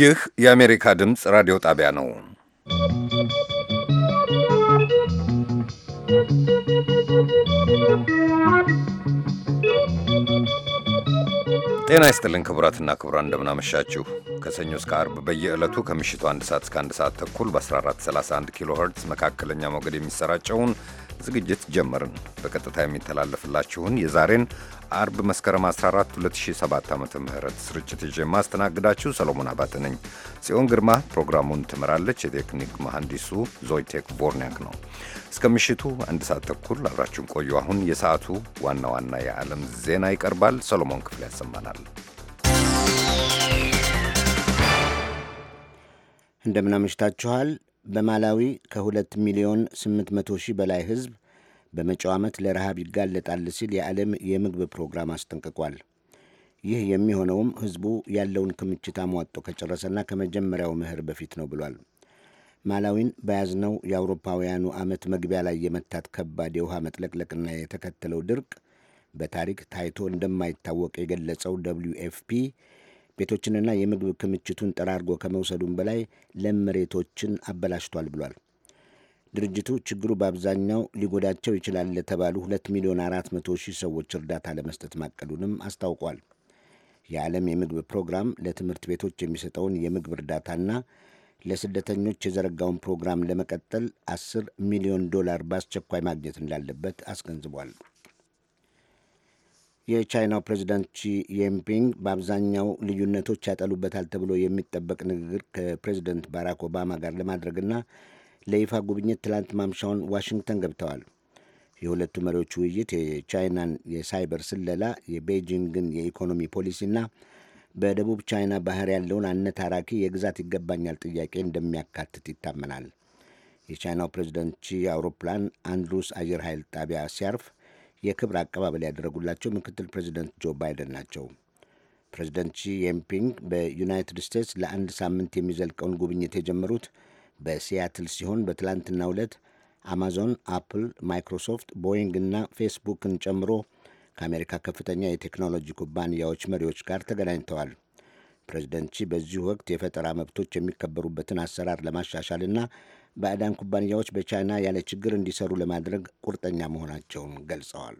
ይህ የአሜሪካ ድምፅ ራዲዮ ጣቢያ ነው። ጤና ይስጥልን ክቡራትና ክቡራን፣ እንደምናመሻችሁ። ከሰኞ እስከ አርብ በየዕለቱ ከምሽቱ አንድ ሰዓት እስከ አንድ ሰዓት ተኩል በ1431 ኪሎ ኸርትዝ መካከለኛ ሞገድ የሚሰራጨውን ዝግጅት ጀመርን። በቀጥታ የሚተላለፍላችሁን የዛሬን አርብ መስከረም 14 2007 ዓ ም ስርጭት ይዤ ማስተናግዳችሁ ሰሎሞን አባተ ነኝ። ጽዮን ግርማ ፕሮግራሙን ትመራለች። የቴክኒክ መሐንዲሱ ዞይቴክ ቮርኒያክ ነው። እስከ ምሽቱ አንድ ሰዓት ተኩል አብራችሁን ቆዩ። አሁን የሰዓቱ ዋና ዋና የዓለም ዜና ይቀርባል። ሰሎሞን ክፍል ያሰማናል። እንደምናመሽታችኋል። በማላዊ ከ2 ሚሊዮን 800 ሺህ በላይ ህዝብ በመጪው ዓመት ለረሃብ ይጋለጣል ሲል የዓለም የምግብ ፕሮግራም አስጠንቅቋል። ይህ የሚሆነውም ህዝቡ ያለውን ክምችት አሟጦ ከጨረሰና ከመጀመሪያው ምህር በፊት ነው ብሏል። ማላዊን በያዝነው የአውሮፓውያኑ ዓመት መግቢያ ላይ የመታት ከባድ የውሃ መጥለቅለቅና የተከተለው ድርቅ በታሪክ ታይቶ እንደማይታወቅ የገለጸው ደብሊው ኤፍፒ ቤቶችንና የምግብ ክምችቱን ጠራርጎ ከመውሰዱም በላይ ለም መሬቶችን አበላሽቷል ብሏል። ድርጅቱ ችግሩ በአብዛኛው ሊጎዳቸው ይችላል ለተባሉ 2 ሚሊዮን 400 ሺህ ሰዎች እርዳታ ለመስጠት ማቀዱንም አስታውቋል። የዓለም የምግብ ፕሮግራም ለትምህርት ቤቶች የሚሰጠውን የምግብ እርዳታና ለስደተኞች የዘረጋውን ፕሮግራም ለመቀጠል 10 ሚሊዮን ዶላር በአስቸኳይ ማግኘት እንዳለበት አስገንዝቧል። የቻይናው ፕሬዚዳንት ሺ ጂንፒንግ በአብዛኛው ልዩነቶች ያጠሉበታል ተብሎ የሚጠበቅ ንግግር ከፕሬዚደንት ባራክ ኦባማ ጋር ለማድረግና ለይፋ ጉብኝት ትላንት ማምሻውን ዋሽንግተን ገብተዋል። የሁለቱ መሪዎች ውይይት የቻይናን የሳይበር ስለላ፣ የቤጂንግን የኢኮኖሚ ፖሊሲና በደቡብ ቻይና ባህር ያለውን አነታራኪ የግዛት ይገባኛል ጥያቄ እንደሚያካትት ይታመናል። የቻይናው ፕሬዚደንት ቺ አውሮፕላን አንድሩስ አየር ኃይል ጣቢያ ሲያርፍ የክብር አቀባበል ያደረጉላቸው ምክትል ፕሬዚደንት ጆ ባይደን ናቸው። ፕሬዚደንት ቺ ጂንፒንግ በዩናይትድ ስቴትስ ለአንድ ሳምንት የሚዘልቀውን ጉብኝት የጀመሩት በሲያትል ሲሆን በትላንትናው ዕለት አማዞን፣ አፕል፣ ማይክሮሶፍት፣ ቦይንግ እና ፌስቡክን ጨምሮ ከአሜሪካ ከፍተኛ የቴክኖሎጂ ኩባንያዎች መሪዎች ጋር ተገናኝተዋል። ፕሬዚደንት ሺ በዚሁ ወቅት የፈጠራ መብቶች የሚከበሩበትን አሰራር ለማሻሻል እና ባዕዳን ኩባንያዎች በቻይና ያለ ችግር እንዲሰሩ ለማድረግ ቁርጠኛ መሆናቸውን ገልጸዋል።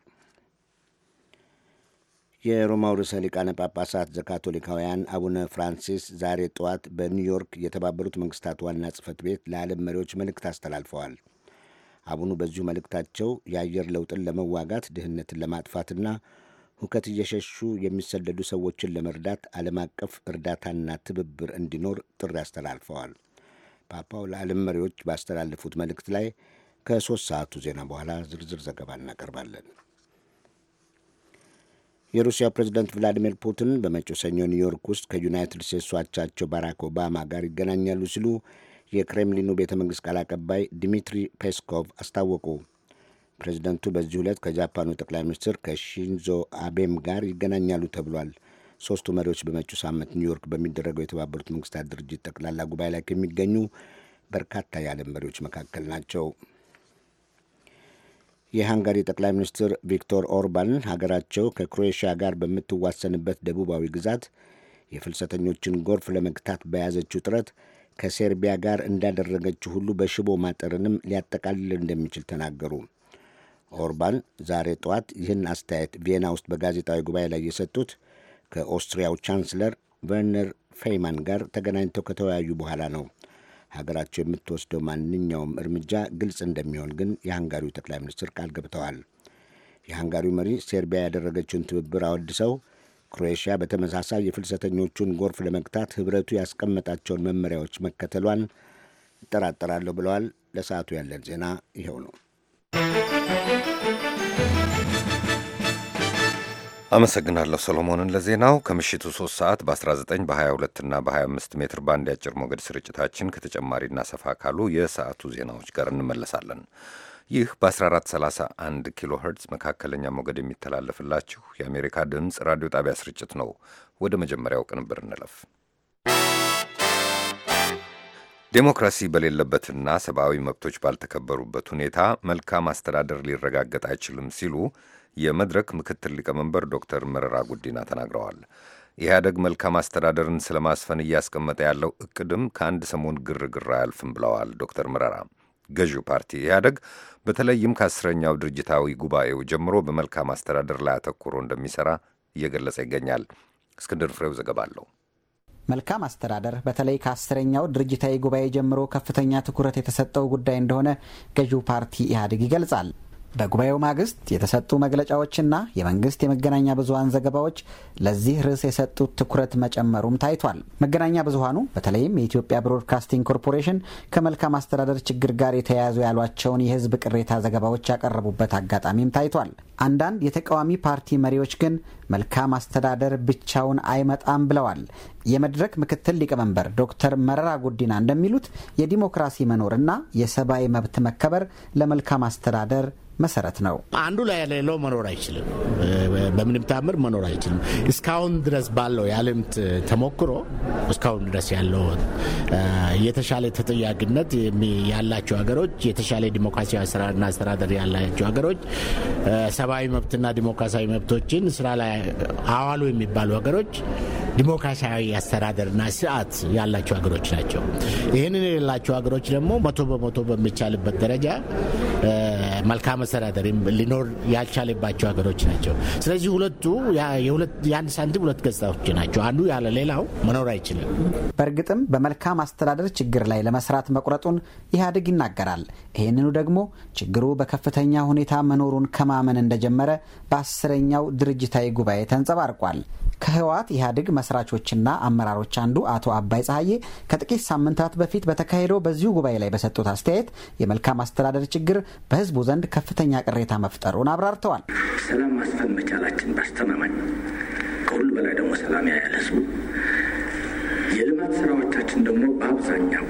የሮማው ርዕሰ ሊቃነ ጳጳሳት ዘካቶሊካውያን አቡነ ፍራንሲስ ዛሬ ጠዋት በኒውዮርክ የተባበሩት መንግስታት ዋና ጽህፈት ቤት ለዓለም መሪዎች መልእክት አስተላልፈዋል። አቡኑ በዚሁ መልእክታቸው የአየር ለውጥን ለመዋጋት ድህነትን ለማጥፋትና ሁከት እየሸሹ የሚሰደዱ ሰዎችን ለመርዳት ዓለም አቀፍ እርዳታና ትብብር እንዲኖር ጥሪ አስተላልፈዋል። ፓፓው ለዓለም መሪዎች ባስተላለፉት መልእክት ላይ ከሦስት ሰዓቱ ዜና በኋላ ዝርዝር ዘገባ እናቀርባለን። የሩሲያ ፕሬዚዳንት ቭላዲሚር ፑቲን በመጪው ሰኞ ኒውዮርክ ውስጥ ከዩናይትድ ስቴትስ አቻቸው ባራክ ኦባማ ጋር ይገናኛሉ ሲሉ የክሬምሊኑ ቤተ መንግሥት ቃል አቀባይ ዲሚትሪ ፔስኮቭ አስታወቁ። ፕሬዚደንቱ በዚህ ዕለት ከጃፓኑ ጠቅላይ ሚኒስትር ከሺንዞ አቤም ጋር ይገናኛሉ ተብሏል። ሦስቱ መሪዎች በመጪው ሳምንት ኒውዮርክ በሚደረገው የተባበሩት መንግስታት ድርጅት ጠቅላላ ጉባኤ ላይ ከሚገኙ በርካታ የዓለም መሪዎች መካከል ናቸው። የሃንጋሪ ጠቅላይ ሚኒስትር ቪክቶር ኦርባን ሀገራቸው ከክሮኤሽያ ጋር በምትዋሰንበት ደቡባዊ ግዛት የፍልሰተኞችን ጎርፍ ለመግታት በያዘችው ጥረት ከሴርቢያ ጋር እንዳደረገችው ሁሉ በሽቦ ማጠርንም ሊያጠቃልል እንደሚችል ተናገሩ። ኦርባን ዛሬ ጠዋት ይህን አስተያየት ቪየና ውስጥ በጋዜጣዊ ጉባኤ ላይ የሰጡት ከኦስትሪያው ቻንስለር ቨርነር ፌይማን ጋር ተገናኝተው ከተወያዩ በኋላ ነው። ሀገራቸው የምትወስደው ማንኛውም እርምጃ ግልጽ እንደሚሆን ግን የሃንጋሪው ጠቅላይ ሚኒስትር ቃል ገብተዋል። የሃንጋሪው መሪ ሴርቢያ ያደረገችውን ትብብር አወድሰው ክሮኤሽያ በተመሳሳይ የፍልሰተኞቹን ጎርፍ ለመግታት ህብረቱ ያስቀመጣቸውን መመሪያዎች መከተሏን እጠራጠራለሁ ብለዋል። ለሰዓቱ ያለን ዜና ይኸው ነው። አመሰግናለሁ ሰሎሞንን ለዜናው። ከምሽቱ 3 ሰዓት በ19 በ22 እና በ25 ሜትር ባንድ የአጭር ሞገድ ስርጭታችን ከተጨማሪና ሰፋ ካሉ የሰዓቱ ዜናዎች ጋር እንመለሳለን። ይህ በ1431 ኪሎ ኸርትዝ መካከለኛ ሞገድ የሚተላለፍላችሁ የአሜሪካ ድምፅ ራዲዮ ጣቢያ ስርጭት ነው። ወደ መጀመሪያው ቅንብር እንለፍ። ዴሞክራሲ በሌለበትና ሰብአዊ መብቶች ባልተከበሩበት ሁኔታ መልካም አስተዳደር ሊረጋገጥ አይችልም ሲሉ የመድረክ ምክትል ሊቀመንበር ዶክተር መረራ ጉዲና ተናግረዋል። ኢህአደግ መልካም አስተዳደርን ስለማስፈን እያስቀመጠ ያለው እቅድም ከአንድ ሰሞን ግርግር አያልፍም ብለዋል ዶክተር መረራ። ገዢው ፓርቲ ኢህአደግ በተለይም ከአስረኛው ድርጅታዊ ጉባኤው ጀምሮ በመልካም አስተዳደር ላይ አተኩሮ እንደሚሰራ እየገለጸ ይገኛል። እስክንድር ፍሬው ዘገባ አለው። መልካም አስተዳደር በተለይ ከአስረኛው ድርጅታዊ ጉባኤ ጀምሮ ከፍተኛ ትኩረት የተሰጠው ጉዳይ እንደሆነ ገዢው ፓርቲ ኢህአዴግ ይገልጻል። በጉባኤው ማግስት የተሰጡ መግለጫዎችና የመንግስት የመገናኛ ብዙሀን ዘገባዎች ለዚህ ርዕስ የሰጡት ትኩረት መጨመሩም ታይቷል። መገናኛ ብዙሀኑ በተለይም የኢትዮጵያ ብሮድካስቲንግ ኮርፖሬሽን ከመልካም አስተዳደር ችግር ጋር የተያያዙ ያሏቸውን የህዝብ ቅሬታ ዘገባዎች ያቀረቡበት አጋጣሚም ታይቷል። አንዳንድ የተቃዋሚ ፓርቲ መሪዎች ግን መልካም አስተዳደር ብቻውን አይመጣም ብለዋል። የመድረክ ምክትል ሊቀመንበር ዶክተር መረራ ጉዲና እንደሚሉት የዲሞክራሲ መኖርና የሰብአዊ መብት መከበር ለመልካም አስተዳደር መሰረት ነው። አንዱ ላይ ያለሌለው መኖር አይችልም፣ በምንም ታምር መኖር አይችልም። እስካሁን ድረስ ባለው የልምት ተሞክሮ እስካሁን ድረስ ያለው የተሻለ ተጠያቂነት ያላቸው ሀገሮች የተሻለ ዲሞክራሲያዊ ስራና አስተዳደር ያላቸው ሀገሮች ሰብአዊ መብትና ዲሞክራሲያዊ መብቶችን ስራ ላይ አዋሉ የሚባሉ ሀገሮች ዲሞክራሲያዊ አስተዳደርና ስርዓት ያላቸው ሀገሮች ናቸው። ይህንን የሌላቸው ሀገሮች ደግሞ መቶ በመቶ በሚቻልበት ደረጃ መልካም መስተዳደር ሊኖር ያልቻለባቸው ሀገሮች ናቸው። ስለዚህ ሁለቱ የአንድ ሳንቲም ሁለት ገጽታዎች ናቸው። አንዱ ያለ ሌላው መኖር አይችልም። በእርግጥም በመልካም አስተዳደር ችግር ላይ ለመስራት መቁረጡን ኢህአዴግ ይናገራል። ይህንኑ ደግሞ ችግሩ በከፍተኛ ሁኔታ መኖሩን ከማመን እንደጀመረ በአስረኛው ድርጅታዊ ጉባኤ ተንጸባርቋል። ከህወሓት ኢህአዴግ መስራቾችና አመራሮች አንዱ አቶ አባይ ጸሐዬ ከጥቂት ሳምንታት በፊት በተካሄደው በዚሁ ጉባኤ ላይ በሰጡት አስተያየት የመልካም አስተዳደር ችግር በህዝቡ ዘንድ ከፍተኛ ቅሬታ መፍጠሩን አብራርተዋል። ሰላም ማስፈን መቻላችን በአስተማማኝ ከሁሉ በላይ ደግሞ ሰላም ያያል ህዝቡ። የልማት ስራዎቻችን ደግሞ በአብዛኛው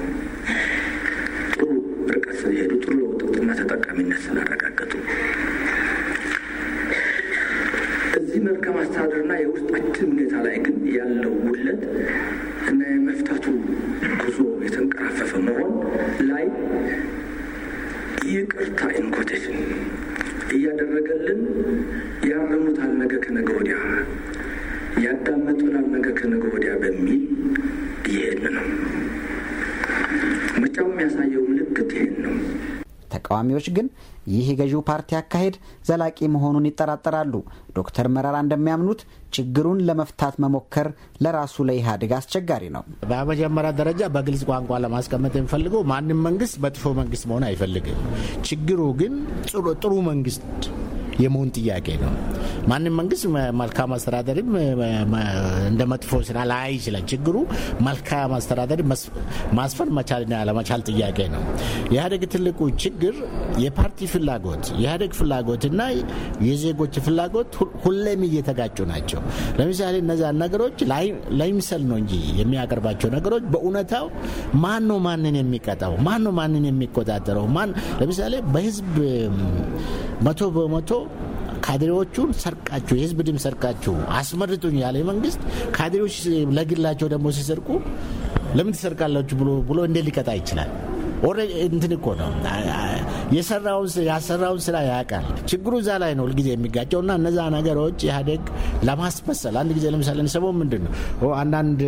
ጥሩ ርቀት ስለሄዱ ጥሩ ለውጥና ተጠቃሚነት ስላረጋገጡ በዚህ መልካም አስተዳደርና የውስጣችን ሁኔታ ላይ ግን ያለው ጉድለት እና የመፍታቱ ጉዞ የተንቀራፈፈ መሆን ላይ ይቅርታ ኢንኮቴሽን እያደረገልን ያረሙታል ነገ ከነገ ወዲያ ተቃዋሚዎች ግን ይህ የገዢው ፓርቲ አካሄድ ዘላቂ መሆኑን ይጠራጠራሉ። ዶክተር መረራ እንደሚያምኑት ችግሩን ለመፍታት መሞከር ለራሱ ለኢህአዴግ አስቸጋሪ ነው። በመጀመሪያ ደረጃ በግልጽ ቋንቋ ለማስቀመጥ የሚፈልገው ማንም መንግስት መጥፎ መንግስት መሆን አይፈልግም። ችግሩ ግን ጥሩ መንግስት የመሆን ጥያቄ ነው። ማንም መንግስት መልካም አስተዳደርም እንደ መጥፎ ስራ ላይ ይችላል። ችግሩ መልካም አስተዳደር ማስፈን መቻልና ያለመቻል ጥያቄ ነው። የኢህአዴግ ትልቁ ችግር የፓርቲ ፍላጎት የኢህአዴግ እና የዜጎች ፍላጎት ሁሌም እየተጋጩ ናቸው። ለምሳሌ እነዚያን ነገሮች ለይምሰል ነው እንጂ የሚያቀርባቸው ነገሮች በእውነታው ማን ነው ማንን የሚቀጣው? ማን ነው ማንን የሚቆጣጠረው? ማን ለምሳሌ በህዝብ መቶ በመቶ ካድሬዎቹን ሰርቃችሁ የህዝብ ድምፅ ሰርቃችሁ አስመርጡኝ ያለ መንግስት ካድሬዎች ለግላቸው ደግሞ ሲሰርቁ ለምን ትሰርቃላችሁ ብሎ ብሎ እንዴት ሊቀጣ ይችላል? እንትን እኮ ነው የሰራውን ያሰራውን ስራ ያውቃል። ችግሩ እዛ ላይ ነው ሁልጊዜ የሚጋጨውና እነዛ ነገሮች ኢህአዴግ ለማስመሰል አንድ ጊዜ ለምሳሌ ሰሞን ምንድን ነው አንዳንድ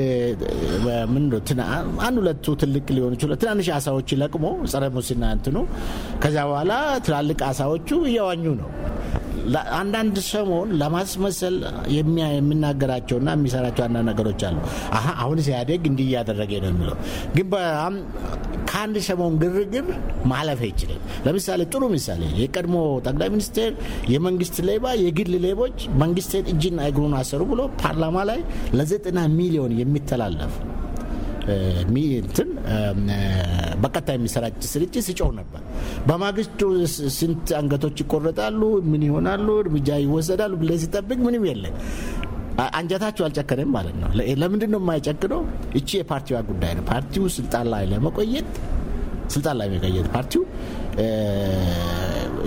አንድ ሁለቱ ትልቅ ሊሆን ይችላል ትናንሽ አሳዎች ለቅሞ ጸረ ሙስና እንትኑ ከዚያ በኋላ ትላልቅ አሳዎቹ እየዋኙ ነው አንዳንድ ሰሞን ለማስመሰል የምናገራቸውና የሚሰራቸው አንዳንድ ነገሮች አሉ። አሀ አሁን ሲያደግ እንዲህ እያደረገ ነው የሚለው ግን በጣም ከአንድ ሰሞን ግርግር ማለፍ አይችልም። ለምሳሌ ጥሩ ምሳሌ የቀድሞ ጠቅላይ ሚኒስቴር የመንግስት ሌባ የግል ሌቦች መንግስትን እጅና እግሩን አሰሩ ብሎ ፓርላማ ላይ ለዘጠና ሚሊዮን የሚተላለፍ እንትን በቀጣይ የሚሰራጭ ስርጭት ሲጮው ነበር። በማግስቱ ስንት አንገቶች ይቆረጣሉ፣ ምን ይሆናሉ፣ እርምጃ ይወሰዳሉ ብለህ ሲጠብቅ ምንም የለም። አንጀታቸው አልጨከነም ማለት ነው። ለምንድን ነው የማይጨክነው? እቺ የፓርቲዋ ጉዳይ ነው። ፓርቲው ስልጣን ላይ ለመቆየት ስልጣን ላይ መቆየት ፓርቲው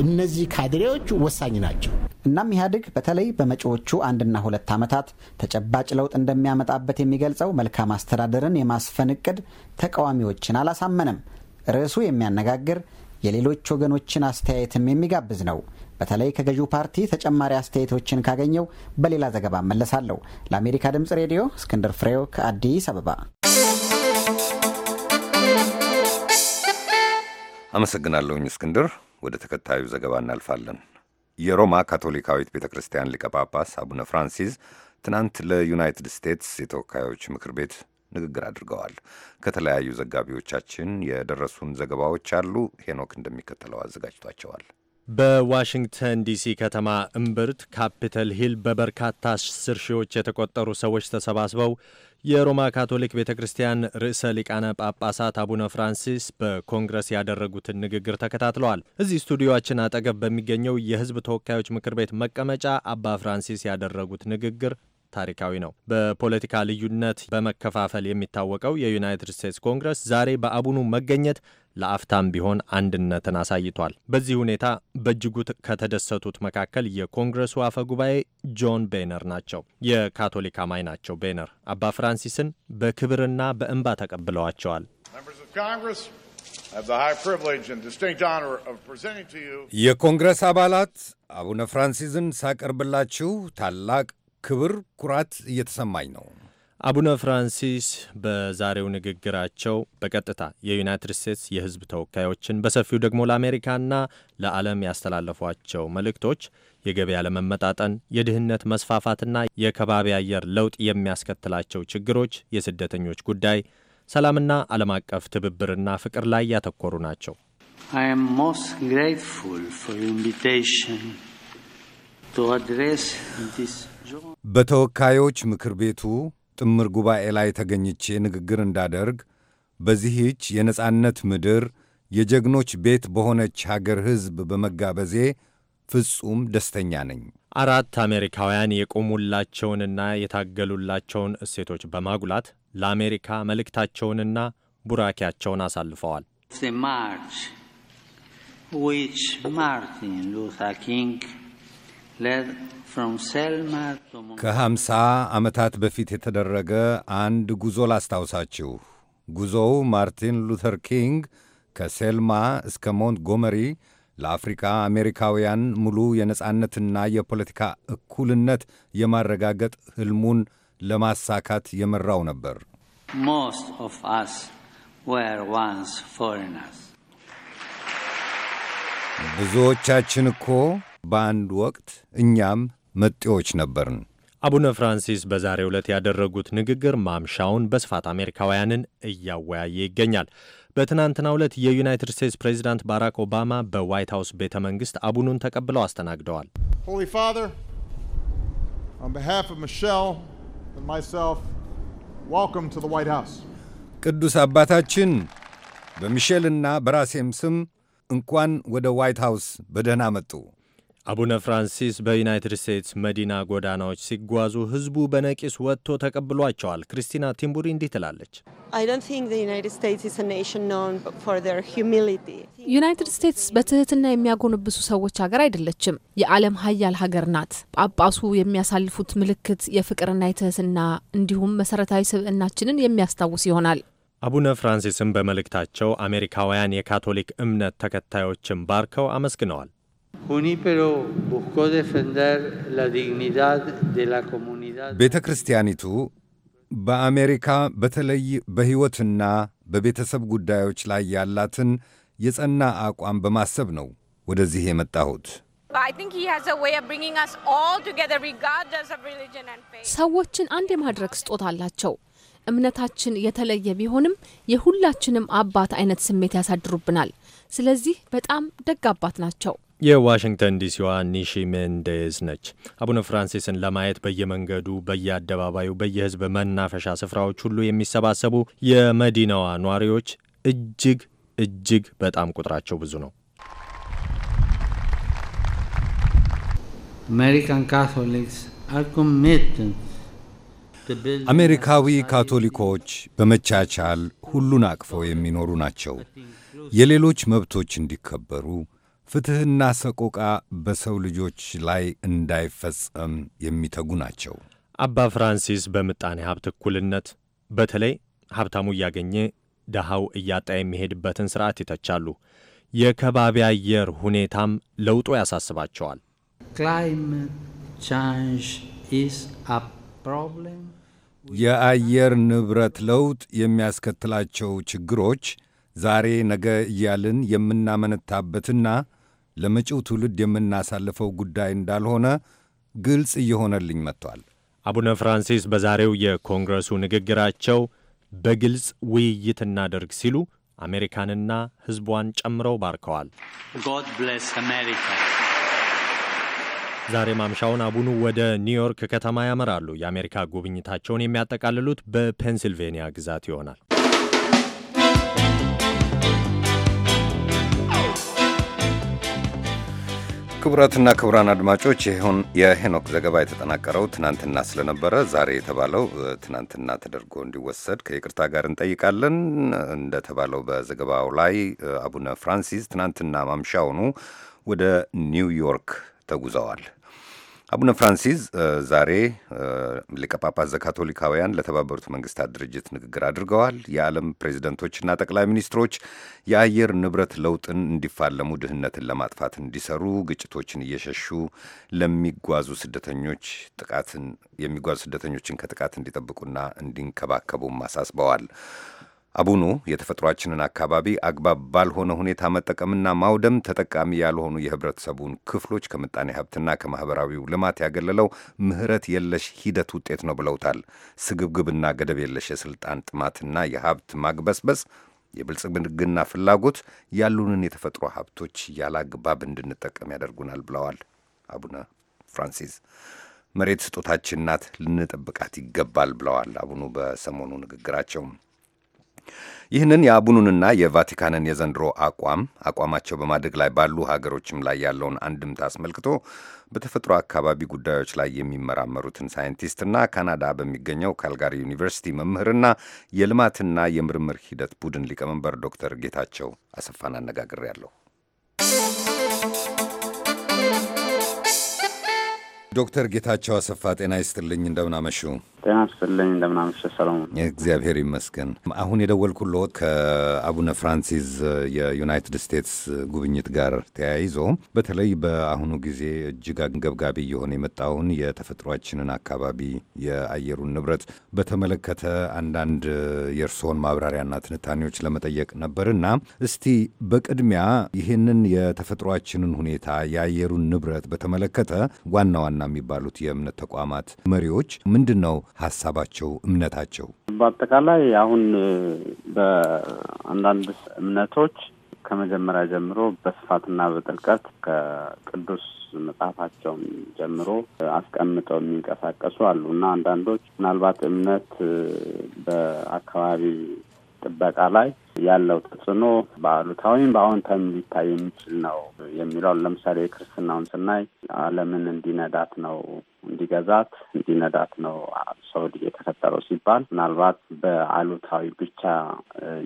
እነዚህ ካድሬዎች ወሳኝ ናቸው። እናም ኢህአዴግ በተለይ በመጪዎቹ አንድና ሁለት ዓመታት ተጨባጭ ለውጥ እንደሚያመጣበት የሚገልጸው መልካም አስተዳደርን የማስፈን እቅድ ተቃዋሚዎችን አላሳመነም። ርዕሱ የሚያነጋግር የሌሎች ወገኖችን አስተያየትም የሚጋብዝ ነው። በተለይ ከገዢው ፓርቲ ተጨማሪ አስተያየቶችን ካገኘው በሌላ ዘገባ መለሳለሁ። ለአሜሪካ ድምፅ ሬዲዮ እስክንድር ፍሬው ከአዲስ አበባ አመሰግናለሁኝ። እስክንድር፣ ወደ ተከታዩ ዘገባ እናልፋለን። የሮማ ካቶሊካዊት ቤተ ክርስቲያን ሊቀ ጳጳስ አቡነ ፍራንሲስ ትናንት ለዩናይትድ ስቴትስ የተወካዮች ምክር ቤት ንግግር አድርገዋል። ከተለያዩ ዘጋቢዎቻችን የደረሱን ዘገባዎች አሉ። ሄኖክ እንደሚከተለው አዘጋጅቷቸዋል። በዋሽንግተን ዲሲ ከተማ እምብርት ካፒተል ሂል በበርካታ አስር ሺዎች የተቆጠሩ ሰዎች ተሰባስበው የሮማ ካቶሊክ ቤተ ክርስቲያን ርዕሰ ሊቃነ ጳጳሳት አቡነ ፍራንሲስ በኮንግረስ ያደረጉትን ንግግር ተከታትለዋል። እዚህ ስቱዲዮችን አጠገብ በሚገኘው የሕዝብ ተወካዮች ምክር ቤት መቀመጫ አባ ፍራንሲስ ያደረጉት ንግግር ታሪካዊ ነው። በፖለቲካ ልዩነት በመከፋፈል የሚታወቀው የዩናይትድ ስቴትስ ኮንግረስ ዛሬ በአቡኑ መገኘት ለአፍታም ቢሆን አንድነትን አሳይቷል። በዚህ ሁኔታ በእጅጉ ከተደሰቱት መካከል የኮንግረሱ አፈ ጉባኤ ጆን ቤነር ናቸው። የካቶሊክ አማኝ ናቸው። ቤነር አባ ፍራንሲስን በክብርና በእንባ ተቀብለዋቸዋል። የኮንግረስ አባላት አቡነ ፍራንሲስን ሳቀርብላችሁ ታላቅ ክብር፣ ኩራት እየተሰማኝ ነው። አቡነ ፍራንሲስ በዛሬው ንግግራቸው በቀጥታ የዩናይትድ ስቴትስ የሕዝብ ተወካዮችን በሰፊው ደግሞ ለአሜሪካና ለዓለም ያስተላለፏቸው መልእክቶች የገበያ ለመመጣጠን፣ የድህነት መስፋፋትና የከባቢ አየር ለውጥ የሚያስከትላቸው ችግሮች፣ የስደተኞች ጉዳይ፣ ሰላምና ዓለም አቀፍ ትብብርና ፍቅር ላይ ያተኮሩ ናቸው። በተወካዮች ምክር ቤቱ ጥምር ጉባኤ ላይ ተገኝቼ ንግግር እንዳደርግ በዚህች የነጻነት ምድር የጀግኖች ቤት በሆነች ሀገር ሕዝብ በመጋበዜ ፍጹም ደስተኛ ነኝ። አራት አሜሪካውያን የቆሙላቸውንና የታገሉላቸውን እሴቶች በማጉላት ለአሜሪካ መልእክታቸውንና ቡራኪያቸውን አሳልፈዋል። ማርች ዊች ማርቲን ሉተር ኪንግ ከሃምሳ ዓመታት በፊት የተደረገ አንድ ጉዞ ላስታውሳችሁ። ጉዞው ማርቲን ሉተር ኪንግ ከሴልማ እስከ ጎመሪ ለአፍሪካ አሜሪካውያን ሙሉ የነጻነትና የፖለቲካ እኩልነት የማረጋገጥ ሕልሙን ለማሳካት የመራው ነበር። ብዙዎቻችን እኮ በአንድ ወቅት እኛም መጤዎች ነበርን። አቡነ ፍራንሲስ በዛሬ ዕለት ያደረጉት ንግግር ማምሻውን በስፋት አሜሪካውያንን እያወያየ ይገኛል። በትናንትና ዕለት የዩናይትድ ስቴትስ ፕሬዚዳንት ባራክ ኦባማ በዋይት ሀውስ ቤተ መንግሥት አቡኑን ተቀብለው አስተናግደዋል። ቅዱስ አባታችን በሚሼልና በራሴም ስም እንኳን ወደ ዋይት ሀውስ በደህና መጡ። አቡነ ፍራንሲስ በዩናይትድ ስቴትስ መዲና ጎዳናዎች ሲጓዙ ህዝቡ በነቂስ ወጥቶ ተቀብሏቸዋል። ክሪስቲና ቲምቡሪ እንዲህ ትላለች። ዩናይትድ ስቴትስ በትህትና የሚያጎንብሱ ሰዎች ሀገር አይደለችም። የዓለም ሀያል ሀገር ናት። ጳጳሱ የሚያሳልፉት ምልክት የፍቅርና የትህትና እንዲሁም መሰረታዊ ስብዕናችንን የሚያስታውስ ይሆናል። አቡነ ፍራንሲስም በመልእክታቸው አሜሪካውያን የካቶሊክ እምነት ተከታዮችን ባርከው አመስግነዋል። ሁኒፔሮ ቡኮ ደፈንደር ላዲግኒዳድ ዴላ ኮሙኒዳድ ቤተ ክርስቲያኒቱ በአሜሪካ በተለይ በሕይወትና በቤተሰብ ጉዳዮች ላይ ያላትን የጸና አቋም በማሰብ ነው ወደዚህ የመጣሁት። ሰዎችን አንድ የማድረግ ስጦታ አላቸው። እምነታችን የተለየ ቢሆንም የሁላችንም አባት አይነት ስሜት ያሳድሩብናል። ስለዚህ በጣም ደግ አባት ናቸው። የዋሽንግተን ዲሲዋ ኒሺ ሜንዴዝ ነች። አቡነ ፍራንሲስን ለማየት በየመንገዱ፣ በየአደባባዩ፣ በየህዝብ መናፈሻ ስፍራዎች ሁሉ የሚሰባሰቡ የመዲናዋ ነዋሪዎች እጅግ እጅግ በጣም ቁጥራቸው ብዙ ነው። አሜሪካዊ ካቶሊኮች በመቻቻል ሁሉን አቅፈው የሚኖሩ ናቸው። የሌሎች መብቶች እንዲከበሩ ፍትሕና ሰቆቃ በሰው ልጆች ላይ እንዳይፈጸም የሚተጉ ናቸው። አባ ፍራንሲስ በምጣኔ ሀብት እኩልነት በተለይ ሀብታሙ እያገኘ ደሃው እያጣ የሚሄድበትን ስርዓት ይተቻሉ። የከባቢ አየር ሁኔታም ለውጦ ያሳስባቸዋል። የአየር ንብረት ለውጥ የሚያስከትላቸው ችግሮች ዛሬ ነገ እያልን የምናመነታበትና ለመጪው ትውልድ የምናሳልፈው ጉዳይ እንዳልሆነ ግልጽ እየሆነልኝ መጥቷል። አቡነ ፍራንሲስ በዛሬው የኮንግረሱ ንግግራቸው በግልጽ ውይይት እናደርግ ሲሉ አሜሪካንና ሕዝቧን ጨምረው ባርከዋል። ዛሬ ማምሻውን አቡኑ ወደ ኒውዮርክ ከተማ ያመራሉ። የአሜሪካ ጉብኝታቸውን የሚያጠቃልሉት በፔንሲልቬንያ ግዛት ይሆናል። ክቡራትና ክቡራን አድማጮች ይሁን የሄኖክ ዘገባ የተጠናቀረው ትናንትና ስለነበረ ዛሬ የተባለው ትናንትና ተደርጎ እንዲወሰድ ከይቅርታ ጋር እንጠይቃለን። እንደተባለው በዘገባው ላይ አቡነ ፍራንሲስ ትናንትና ማምሻውኑ ወደ ኒውዮርክ ተጉዘዋል። አቡነ ፍራንሲስ ዛሬ ሊቀ ጳጳስ ዘካቶሊካውያን ለተባበሩት መንግስታት ድርጅት ንግግር አድርገዋል። የዓለም ፕሬዚደንቶችና ጠቅላይ ሚኒስትሮች የአየር ንብረት ለውጥን እንዲፋለሙ፣ ድህነትን ለማጥፋት እንዲሰሩ፣ ግጭቶችን እየሸሹ ለሚጓዙ ስደተኞች ጥቃትን የሚጓዙ ስደተኞችን ከጥቃት እንዲጠብቁና እንዲንከባከቡም አሳስበዋል። አቡኑ የተፈጥሯችንን አካባቢ አግባብ ባልሆነ ሁኔታ መጠቀምና ማውደም ተጠቃሚ ያልሆኑ የህብረተሰቡን ክፍሎች ከምጣኔ ሀብትና ከማኅበራዊው ልማት ያገለለው ምህረት የለሽ ሂደት ውጤት ነው ብለውታል። ስግብግብና ገደብ የለሽ የሥልጣን ጥማትና የሀብት ማግበስበስ የብልጽግና ፍላጎት ያሉንን የተፈጥሮ ሀብቶች ያላግባብ እንድንጠቀም ያደርጉናል ብለዋል አቡነ ፍራንሲስ። መሬት ስጦታችን ናት፣ ልንጠብቃት ይገባል ብለዋል አቡኑ በሰሞኑ ንግግራቸው። ይህንን የአቡኑንና የቫቲካንን የዘንድሮ አቋም አቋማቸው በማደግ ላይ ባሉ ሀገሮችም ላይ ያለውን አንድምታ አስመልክቶ በተፈጥሮ አካባቢ ጉዳዮች ላይ የሚመራመሩትን ሳይንቲስትና ካናዳ በሚገኘው ካልጋሪ ዩኒቨርሲቲ መምህርና የልማትና የምርምር ሂደት ቡድን ሊቀመንበር ዶክተር ጌታቸው አሰፋን አነጋግሬያለሁ። ዶክተር ጌታቸው አሰፋ ጤና ይስጥልኝ፣ እንደምን አመሹ? ጤና ይስጥልኝ። እንደምን አመሸህ ሰለሞን። እግዚአብሔር ይመስገን። አሁን የደወልኩልዎት ከአቡነ ፍራንሲስ የዩናይትድ ስቴትስ ጉብኝት ጋር ተያይዞ በተለይ በአሁኑ ጊዜ እጅግ አንገብጋቢ እየሆነ የመጣውን የተፈጥሯችንን አካባቢ የአየሩን ንብረት በተመለከተ አንዳንድ የእርስዎን ማብራሪያና ትንታኔዎች ለመጠየቅ ነበርና እስቲ በቅድሚያ ይህንን የተፈጥሯችንን ሁኔታ የአየሩን ንብረት በተመለከተ ዋና ዋና የሚባሉት የእምነት ተቋማት መሪዎች ምንድን ነው ሀሳባቸው፣ እምነታቸው? በአጠቃላይ አሁን በአንዳንድ እምነቶች ከመጀመሪያ ጀምሮ በስፋትና በጥልቀት ከቅዱስ መጽሐፋቸውን ጀምሮ አስቀምጠው የሚንቀሳቀሱ አሉ እና አንዳንዶች ምናልባት እምነት በአካባቢ ጥበቃ ላይ ያለው ተጽዕኖ በአሉታዊም በአዎንታዊም ሊታይ የሚችል ነው የሚለውን ለምሳሌ የክርስትናውን ስናይ ዓለምን እንዲነዳት ነው እንዲገዛት እንዲነዳት ነው ሰው ልጅ የተፈጠረው ሲባል ምናልባት በአሉታዊ ብቻ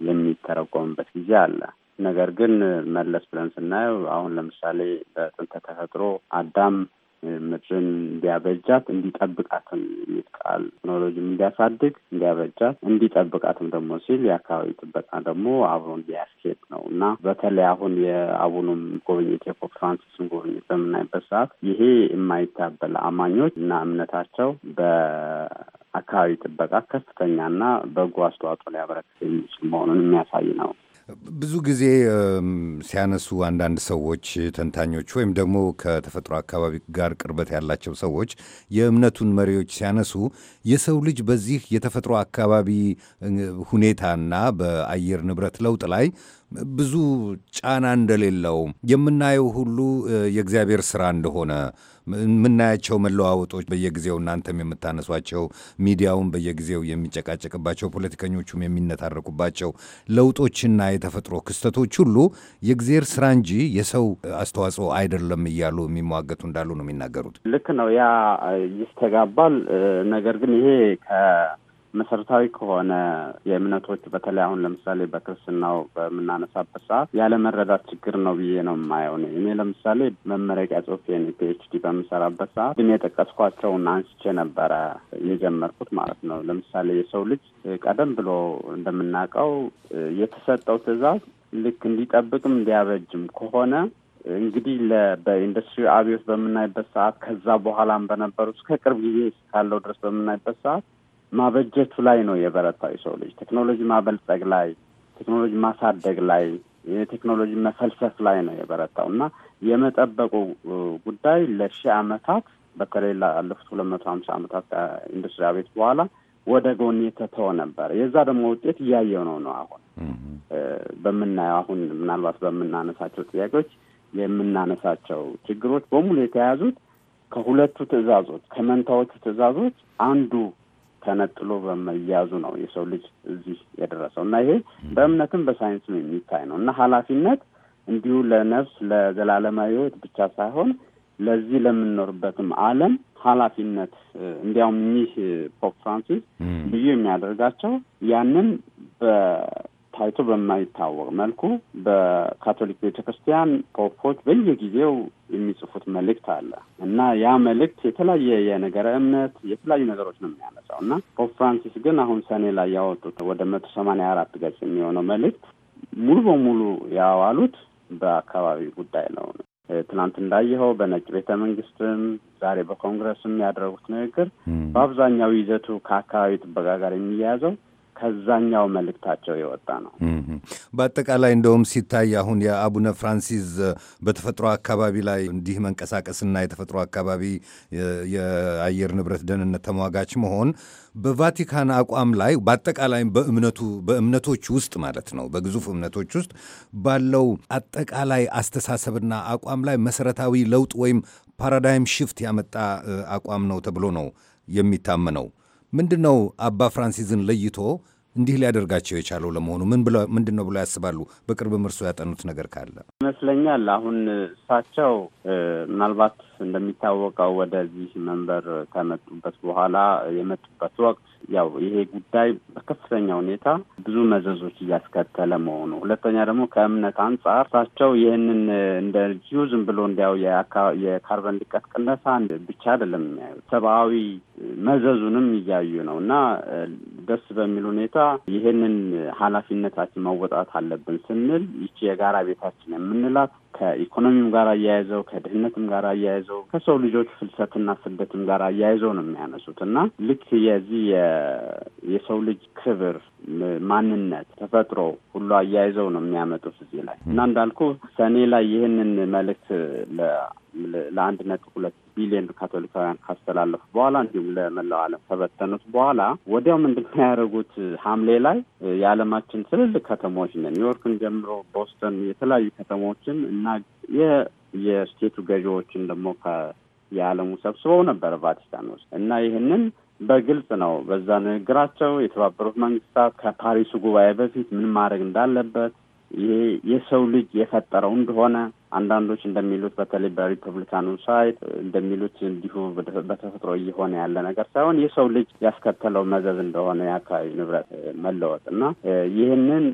የሚተረጎምበት ጊዜ አለ። ነገር ግን መለስ ብለን ስናየው አሁን ለምሳሌ በጥንተ ተፈጥሮ አዳም ምድርን እንዲያበጃት እንዲጠብቃትም የሚል ቃል ቴክኖሎጂም እንዲያሳድግ እንዲያበጃት እንዲጠብቃትም ደግሞ ሲል የአካባቢ ጥበቃ ደግሞ አብሮ እንዲያስኬድ ነው እና በተለይ አሁን የአቡኑም ጎብኝት የፖፕ ፍራንሲስን ጎብኝት በምናይበት ሰዓት ይሄ የማይታበል አማኞች እና እምነታቸው በአካባቢ ጥበቃ ከፍተኛና በጎ አስተዋጽኦ ሊያበረክት የሚችል መሆኑን የሚያሳይ ነው። ብዙ ጊዜ ሲያነሱ አንዳንድ ሰዎች ተንታኞች፣ ወይም ደግሞ ከተፈጥሮ አካባቢ ጋር ቅርበት ያላቸው ሰዎች የእምነቱን መሪዎች ሲያነሱ የሰው ልጅ በዚህ የተፈጥሮ አካባቢ ሁኔታና በአየር ንብረት ለውጥ ላይ ብዙ ጫና እንደሌለው የምናየው ሁሉ የእግዚአብሔር ስራ እንደሆነ የምናያቸው መለዋወጦች በየጊዜው እናንተም የምታነሷቸው ሚዲያውን በየጊዜው የሚጨቃጨቅባቸው ፖለቲከኞቹም የሚነታረቁባቸው ለውጦችና የተፈጥሮ ክስተቶች ሁሉ የእግዚአብሔር ስራ እንጂ የሰው አስተዋጽኦ አይደለም እያሉ የሚሟገቱ እንዳሉ ነው የሚናገሩት። ልክ ነው፣ ያ ይስተጋባል። ነገር ግን ይሄ መሰረታዊ ከሆነ የእምነቶች በተለይ አሁን ለምሳሌ በክርስትናው በምናነሳበት ሰዓት ያለመረዳት ችግር ነው ብዬ ነው የማየው። እኔ ለምሳሌ መመረቂያ ጽሁፌን ፒኤችዲ በምሰራበት ሰዓት ግን የጠቀስኳቸውን አንስቼ ነበረ የጀመርኩት ማለት ነው። ለምሳሌ የሰው ልጅ ቀደም ብሎ እንደምናውቀው የተሰጠው ትዕዛዝ ልክ እንዲጠብቅም እንዲያበጅም ከሆነ እንግዲህ በኢንዱስትሪ አብዮት በምናይበት ሰዓት ከዛ በኋላም በነበሩ እስከ ቅርብ ጊዜ እስካለው ድረስ በምናይበት ሰዓት ማበጀቱ ላይ ነው የበረታው የሰው ልጅ ቴክኖሎጂ ማበልጸግ ላይ፣ ቴክኖሎጂ ማሳደግ ላይ፣ የቴክኖሎጂ መፈልሰፍ ላይ ነው የበረታው እና የመጠበቁ ጉዳይ ለሺህ አመታት በተለይ ላለፉት ሁለት መቶ ሀምሳ ዓመታት ከኢንዱስትሪ አቤት በኋላ ወደ ጎን የተተወ ነበር። የዛ ደግሞ ውጤት እያየው ነው ነው አሁን በምናየው አሁን ምናልባት በምናነሳቸው ጥያቄዎች የምናነሳቸው ችግሮች በሙሉ የተያያዙት ከሁለቱ ትዕዛዞች ከመንታዎቹ ትዕዛዞች አንዱ ተነጥሎ በመያዙ ነው የሰው ልጅ እዚህ የደረሰው እና ይሄ በእምነትም በሳይንስም የሚታይ ነው እና ኃላፊነት እንዲሁ ለነፍስ ለዘላለማዊ ህይወት ብቻ ሳይሆን ለዚህ ለምንኖርበትም ዓለም ኃላፊነት እንዲያውም እኚህ ፖፕ ፍራንሲስ ልዩ የሚያደርጋቸው ያንን ታይቶ በማይታወቅ መልኩ በካቶሊክ ቤተ ክርስቲያን ፖፖች በየጊዜው የሚጽፉት መልእክት አለ እና ያ መልእክት የተለያየ የነገረ እምነት የተለያዩ ነገሮች ነው የሚያነሳው እና ፖፕ ፍራንሲስ ግን አሁን ሰኔ ላይ ያወጡት ወደ መቶ ሰማኒያ አራት ገጽ የሚሆነው መልእክት ሙሉ በሙሉ ያዋሉት በአካባቢ ጉዳይ ነው። ትናንት እንዳየኸው በነጭ ቤተ መንግስትም ዛሬ በኮንግረስም ያደረጉት ንግግር በአብዛኛው ይዘቱ ከአካባቢ ጥበቃ ጋር የሚያያዘው ከዛኛው መልእክታቸው የወጣ ነው። በአጠቃላይ እንደውም ሲታይ አሁን የአቡነ ፍራንሲስ በተፈጥሮ አካባቢ ላይ እንዲህ መንቀሳቀስና የተፈጥሮ አካባቢ የአየር ንብረት ደህንነት ተሟጋች መሆን በቫቲካን አቋም ላይ በአጠቃላይ በእምነቱ በእምነቶች ውስጥ ማለት ነው በግዙፍ እምነቶች ውስጥ ባለው አጠቃላይ አስተሳሰብና አቋም ላይ መሰረታዊ ለውጥ ወይም ፓራዳይም ሽፍት ያመጣ አቋም ነው ተብሎ ነው የሚታመነው። ምንድን ነው አባ ፍራንሲዝን ለይቶ እንዲህ ሊያደርጋቸው የቻለው ለመሆኑ ምን ብለው ምንድን ነው ብለው ያስባሉ? በቅርብም እርሶ ያጠኑት ነገር ካለ ይመስለኛል። አሁን እሳቸው ምናልባት እንደሚታወቀው ወደዚህ መንበር ከመጡበት በኋላ የመጡበት ወቅት ያው ይሄ ጉዳይ በከፍተኛ ሁኔታ ብዙ መዘዞች እያስከተለ መሆኑ፣ ሁለተኛ ደግሞ ከእምነት አንጻር እሳቸው ይህንን እንደ ዝም ብሎ እንዲያው የካርበን ልቀት ቅነሳ ብቻ አይደለም የሚያዩት ሰብአዊ መዘዙንም እያዩ ነው እና ደስ በሚል ሁኔታ ይህንን ኃላፊነታችን መወጣት አለብን ስንል ይቺ የጋራ ቤታችን የምንላት ከኢኮኖሚም ጋር አያያዘው ከድህነትም ጋር አያይዘው ከሰው ልጆች ፍልሰትና ስደትም ጋር አያይዘው ነው የሚያነሱት እና ልክ የዚህ የሰው ልጅ ክብር፣ ማንነት፣ ተፈጥሮ ሁሉ አያይዘው ነው የሚያመጡት እዚህ ላይ እና እንዳልኩ ሰኔ ላይ ይህንን መልእክት ለአንድ ነጥብ ሁለት ቢሊዮን ካቶሊካውያን ካስተላለፉ በኋላ እንዲሁም ለመላው ዓለም ከበተኑት በኋላ ወዲያው ምንድን ያደረጉት? ሐምሌ ላይ የዓለማችን ትልልቅ ከተሞች ኒውዮርክን ጀምሮ ቦስተን፣ የተለያዩ ከተሞችን እና የስቴቱ ገዢዎችን ደግሞ የዓለሙ ሰብስበው ነበረ ቫቲካን ውስጥ እና ይህንን በግልጽ ነው በዛ ንግግራቸው የተባበሩት መንግስታት ከፓሪሱ ጉባኤ በፊት ምን ማድረግ እንዳለበት የሰው ልጅ የፈጠረው እንደሆነ አንዳንዶች እንደሚሉት በተለይ በሪፐብሊካኑ ሳይድ እንደሚሉት እንዲሁ በተፈጥሮ እየሆነ ያለ ነገር ሳይሆን የሰው ልጅ ያስከተለው መዘዝ እንደሆነ የአካባቢ ንብረት መለወጥ እና ይህንን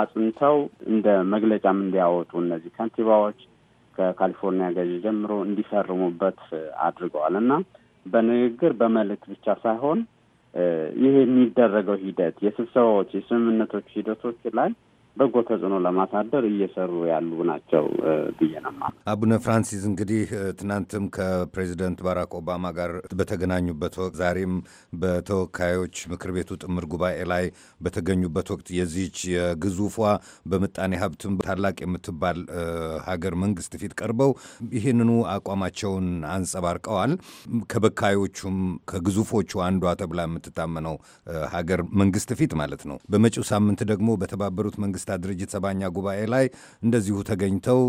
አጽንተው እንደ መግለጫም እንዲያወጡ እነዚህ ከንቲባዎች ከካሊፎርኒያ ገዢ ጀምሮ እንዲፈርሙበት አድርገዋል እና በንግግር በመልእክት ብቻ ሳይሆን ይህ የሚደረገው ሂደት የስብሰባዎች፣ የስምምነቶች ሂደቶች ላይ በጎ ተጽዕኖ ለማሳደር እየሰሩ ያሉ ናቸው ብዬ አቡነ ፍራንሲስ እንግዲህ ትናንትም ከፕሬዚደንት ባራክ ኦባማ ጋር በተገናኙበት ወቅት፣ ዛሬም በተወካዮች ምክር ቤቱ ጥምር ጉባኤ ላይ በተገኙበት ወቅት የዚች የግዙፏ በምጣኔ ሀብትም ታላቅ የምትባል ሀገር መንግስት ፊት ቀርበው ይህንኑ አቋማቸውን አንጸባርቀዋል። ከበካዮቹም ከግዙፎቹ አንዷ ተብላ የምትታመነው ሀገር መንግስት ፊት ማለት ነው። በመጪው ሳምንት ደግሞ በተባበሩት መንግስት መንግስታት ድርጅት ሰባኛ ጉባኤ ላይ እንደዚሁ ተገኝተው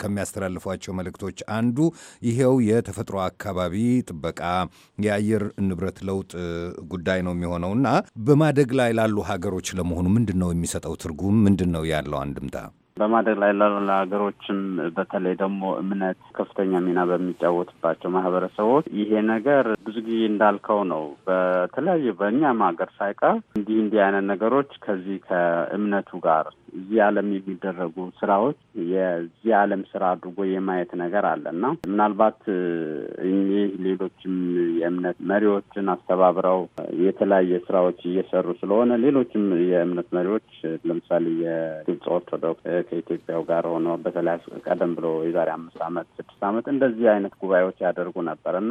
ከሚያስተላልፏቸው መልእክቶች አንዱ ይሄው የተፈጥሮ አካባቢ ጥበቃ፣ የአየር ንብረት ለውጥ ጉዳይ ነው የሚሆነው እና በማደግ ላይ ላሉ ሀገሮች ለመሆኑ ምንድን ነው የሚሰጠው ትርጉም? ምንድን ነው ያለው አንድምታ? በማደግ ላይ ላሉ ሀገሮችም በተለይ ደግሞ እምነት ከፍተኛ ሚና በሚጫወትባቸው ማህበረሰቦች ይሄ ነገር ብዙ ጊዜ እንዳልከው ነው። በተለያዩ በእኛም ሀገር ሳይቀር እንዲህ እንዲህ አይነት ነገሮች ከዚህ ከእምነቱ ጋር እዚህ ዓለም የሚደረጉ ስራዎች የዚህ ዓለም ስራ አድርጎ የማየት ነገር አለ እና ምናልባት እኚህ ሌሎችም የእምነት መሪዎችን አስተባብረው የተለያየ ስራዎች እየሰሩ ስለሆነ ሌሎችም የእምነት መሪዎች ለምሳሌ የግብፅ ኦርቶዶክስ ከኢትዮጵያው ጋር ሆኖ በተለይ ቀደም ብሎ የዛሬ አምስት ዓመት ስድስት ዓመት እንደዚህ አይነት ጉባኤዎች ያደርጉ ነበር እና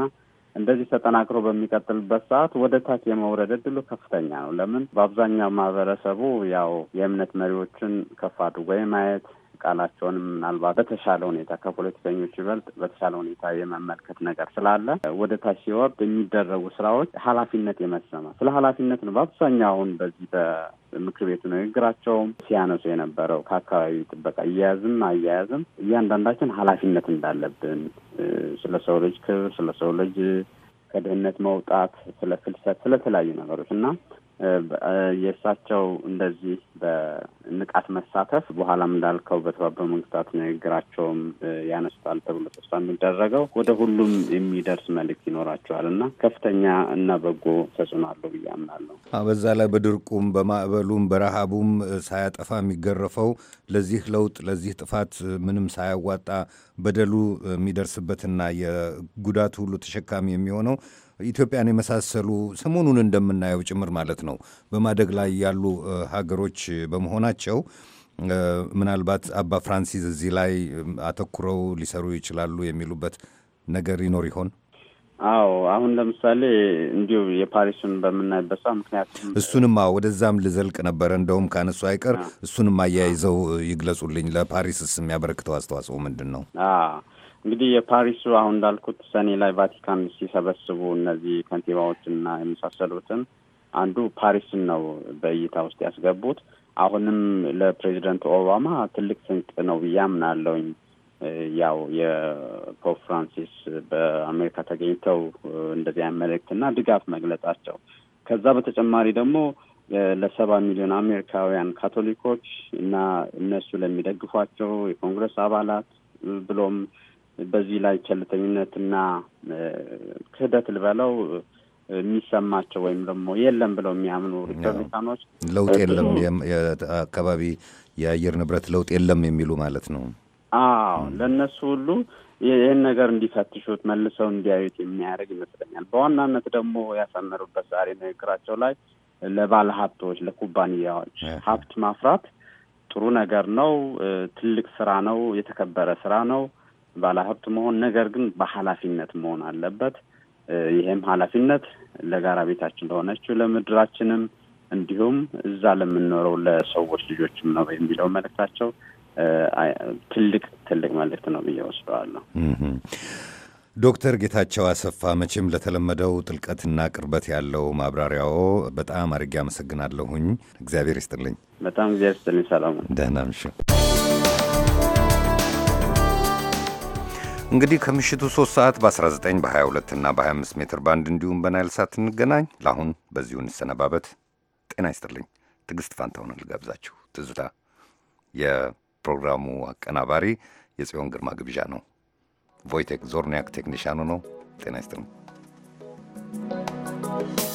እንደዚህ ተጠናክሮ በሚቀጥልበት ሰዓት ወደ ታች የመውረድ እድሉ ከፍተኛ ነው። ለምን በአብዛኛው ማህበረሰቡ ያው የእምነት መሪዎችን ከፍ አድርጎ የማየት ቃላቸውንም ምናልባት በተሻለ ሁኔታ ከፖለቲከኞች ይበልጥ በተሻለ ሁኔታ የመመልከት ነገር ስላለ ወደ ታች ሲወርድ የሚደረጉ ስራዎች ኃላፊነት የመሰማ ስለ ኃላፊነት ነው። በአብዛኛው አሁን በዚህ በምክር ቤቱ ንግግራቸውም ሲያነሱ የነበረው ከአካባቢ ጥበቃ እያያዝም አያያዝም እያንዳንዳችን ኃላፊነት እንዳለብን ስለ ሰው ልጅ ክብር፣ ስለ ሰው ልጅ ከድህነት መውጣት፣ ስለ ፍልሰት፣ ስለተለያዩ ነገሮች እና የእሳቸው እንደዚህ በንቃት መሳተፍ በኋላም እንዳልከው በተባበሩ መንግስታት ንግግራቸውም ያነሱታል ተብሎ ተስፋ የሚደረገው ወደ ሁሉም የሚደርስ መልእክት ይኖራቸዋል እና ከፍተኛ እና በጎ ተጽዕኖ አለው ብዬ አምናለሁ። በዛ ላይ በድርቁም በማዕበሉም በረሃቡም ሳያጠፋ የሚገረፈው ለዚህ ለውጥ ለዚህ ጥፋት ምንም ሳያዋጣ በደሉ የሚደርስበትና የጉዳት ሁሉ ተሸካሚ የሚሆነው ኢትዮጵያን የመሳሰሉ ሰሞኑን እንደምናየው ጭምር ማለት ነው በማደግ ላይ ያሉ ሀገሮች በመሆናቸው ምናልባት አባ ፍራንሲስ እዚህ ላይ አተኩረው ሊሰሩ ይችላሉ የሚሉበት ነገር ይኖር ይሆን? አዎ አሁን ለምሳሌ እንዲሁ የፓሪሱን በምናይበት ሰ ምክንያቱም እሱንም ወደዛም ልዘልቅ ነበረ እንደውም ከአነሱ አይቀር እሱንም አያይዘው ይግለጹልኝ። ለፓሪስስ የሚያበረክተው አስተዋጽኦ ምንድን ነው? እንግዲህ የፓሪሱ አሁን እንዳልኩት ሰኔ ላይ ቫቲካን ሲሰበስቡ እነዚህ ከንቲባዎችና የመሳሰሉትን አንዱ ፓሪስን ነው በእይታ ውስጥ ያስገቡት። አሁንም ለፕሬዚደንት ኦባማ ትልቅ ስንቅ ነው ብዬ አምናለሁኝ። ያው የፖፕ ፍራንሲስ በአሜሪካ ተገኝተው እንደዚህ አይነት መልእክትና ድጋፍ መግለጻቸው ከዛ በተጨማሪ ደግሞ ለሰባ ሚሊዮን አሜሪካውያን ካቶሊኮች እና እነሱ ለሚደግፏቸው የኮንግረስ አባላት ብሎም በዚህ ላይ ቸልተኝነትና ክህደት ልበለው የሚሰማቸው ወይም ደግሞ የለም ብለው የሚያምኑ ሪፐብሊካኖች ለውጥ የለም አካባቢ የአየር ንብረት ለውጥ የለም የሚሉ ማለት ነው። አዎ ለእነሱ ሁሉ ይህን ነገር እንዲፈትሹት መልሰው እንዲያዩት የሚያደርግ ይመስለኛል። በዋናነት ደግሞ ያሰመሩበት ዛሬ ንግግራቸው ላይ ለባለ ሀብቶች፣ ለኩባንያዎች ሀብት ማፍራት ጥሩ ነገር ነው፣ ትልቅ ስራ ነው፣ የተከበረ ስራ ነው ባለሀብት መሆን፣ ነገር ግን በኃላፊነት መሆን አለበት። ይህም ኃላፊነት ለጋራ ቤታችን ለሆነችው ለምድራችንም እንዲሁም እዛ ለምንኖረው ለሰዎች ልጆችም ነው የሚለው መልእክታቸው ትልቅ ትልቅ መልእክት ነው ብዬ ወስደዋለሁ። ዶክተር ጌታቸው አሰፋ መቼም ለተለመደው ጥልቀትና ቅርበት ያለው ማብራሪያዎ በጣም አድርጌ አመሰግናለሁኝ። እግዚአብሔር ይስጥልኝ። በጣም እግዚአብሔር ይስጥልኝ ሰላሙ ደህና ምሽት። እንግዲህ ከምሽቱ 3 ሰዓት በ19 በ22 እና በ25 ሜትር ባንድ እንዲሁም በናይል ሳት እንገናኝ። ለአሁን በዚሁ እንሰነባበት። ጤና ይስጥልኝ። ትዕግስት ፋንታውን ልጋብዛችሁ። ትዝታ የፕሮግራሙ አቀናባሪ የጽዮን ግርማ ግብዣ ነው። ቮይቴክ ዞርኒያክ ቴክኒሻኑ ነው። ጤና ይስጥልኝ። Thank you.